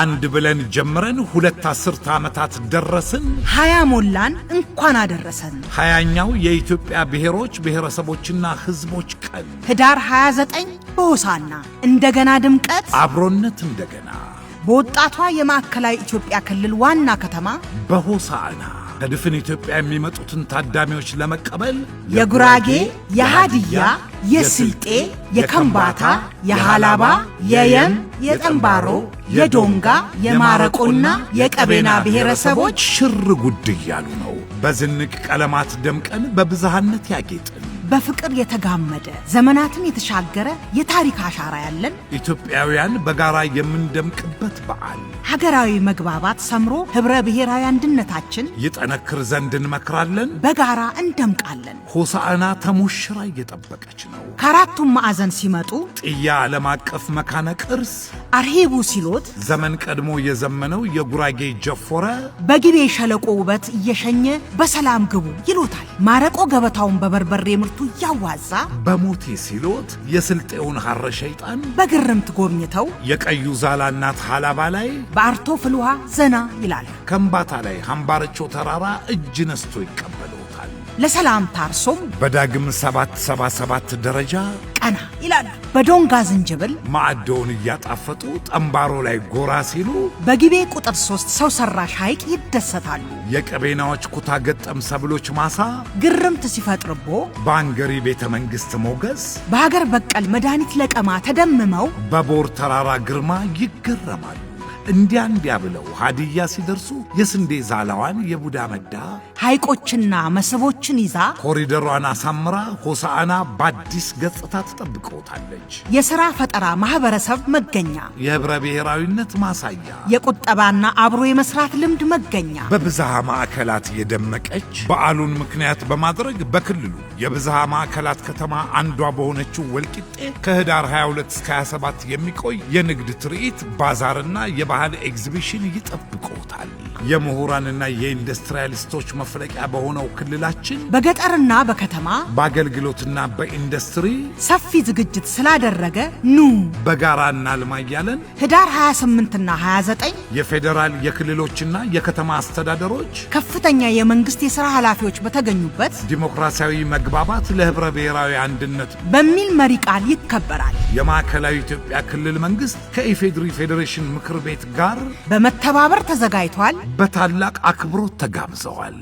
አንድ ብለን ጀምረን ሁለት አስርተ ዓመታት ደረስን። ሀያ ሞላን፣ እንኳን አደረሰን። ሀያኛው የኢትዮጵያ ብሔሮች ብሔረሰቦችና ሕዝቦች ቀን ህዳር 29 በሆሳና እንደገና ድምቀት፣ አብሮነት እንደገና በወጣቷ የማዕከላዊ ኢትዮጵያ ክልል ዋና ከተማ በሆሳና ከድፍን ኢትዮጵያ የሚመጡትን ታዳሚዎች ለመቀበል የጉራጌ፣ የሃድያ፣ የስልጤ፣ የከምባታ፣ የሃላባ፣ የየም፣ የጠንባሮ፣ የዶንጋ፣ የማረቆና የቀቤና ብሔረሰቦች ሽር ጉድ እያሉ ነው። በዝንቅ ቀለማት ደምቀን በብዝሃነት ያጌጥን። በፍቅር የተጋመደ ዘመናትን የተሻገረ የታሪክ አሻራ ያለን ኢትዮጵያውያን በጋራ የምንደምቅበት በዓል ሀገራዊ መግባባት ሰምሮ ኅብረ ብሔራዊ አንድነታችን ይጠነክር ዘንድ እንመክራለን። በጋራ እንደምቃለን። ሆሳዕና ተሞሽራ እየጠበቀች ነው። ከአራቱም ማዕዘን ሲመጡ ጥያ ዓለም አቀፍ መካነ ቅርስ አርሄቡ ሲሎት ዘመን ቀድሞ የዘመነው የጉራጌ ጀፎረ በጊቤ ሸለቆ ውበት እየሸኘ በሰላም ግቡ ይሎታል። ማረቆ ገበታውን በበርበሬ ምርት በብርቱ እያዋዛ በሞቴ ሲሎት የስልጤውን ሐረ ሸይጣን በግርምት ጎብኝተው የቀዩ ዛላ እናት ሐላባ ላይ በአርቶ ፍልውሃ ዘና ይላል። ከምባታ ላይ አምባረቾ ተራራ እጅ ነስቶ ይቀበሉ ይሰጣል። ለሰላም ታርሶም በዳግም 777 ደረጃ ቀና ይላል። በዶንጋ ዝንጅብል ማዕዶውን እያጣፈጡ ጠንባሮ ላይ ጎራ ሲሉ በጊቤ ቁጥር ሶስት ሰው ሰራሽ ሐይቅ ይደሰታሉ። የቀቤናዎች ኩታ ገጠም ሰብሎች ማሳ ግርምት ሲፈጥርቦ በአንገሪ ቤተ መንግሥት ሞገስ በሀገር በቀል መድኃኒት ለቀማ ተደምመው በቦር ተራራ ግርማ ይገረማሉ። እንዲያ እንዲያ ብለው ሀዲያ ሲደርሱ የስንዴ ዛላዋን የቡዳ መዳ ሐይቆችና መስህቦችን ይዛ ኮሪደሯን አሳምራ ሆሳአና በአዲስ ገጽታ ትጠብቀውታለች። የሥራ ፈጠራ ማኅበረሰብ መገኛ፣ የኅብረ ብሔራዊነት ማሳያ፣ የቁጠባና አብሮ የመሥራት ልምድ መገኛ፣ በብዝሃ ማዕከላት የደመቀች በዓሉን ምክንያት በማድረግ በክልሉ የብዝሃ ማዕከላት ከተማ አንዷ በሆነችው ወልቂጤ ከህዳር 22 እስከ 27 የሚቆይ የንግድ ትርኢት ባዛርና የባህል ኤግዚቢሽን ይጠብቆታል። የምሁራንና የኢንዱስትሪያሊስቶች መፍለቂያ በሆነው ክልላችን በገጠርና በከተማ በአገልግሎትና በኢንዱስትሪ ሰፊ ዝግጅት ስላደረገ ኑ በጋራ እናልማ እያለን ህዳር 28ና 29 የፌዴራል የክልሎችና የከተማ አስተዳደሮች ከፍተኛ የመንግስት የሥራ ኃላፊዎች በተገኙበት ዲሞክራሲያዊ መግባባት ለህብረ ብሔራዊ አንድነት በሚል መሪ ቃል ይከበራል። የማዕከላዊ ኢትዮጵያ ክልል መንግስት ከኢፌድሪ ፌዴሬሽን ምክር ቤት ጋር በመተባበር ተዘጋጅቷል በታላቅ አክብሮት ተጋብዘዋል።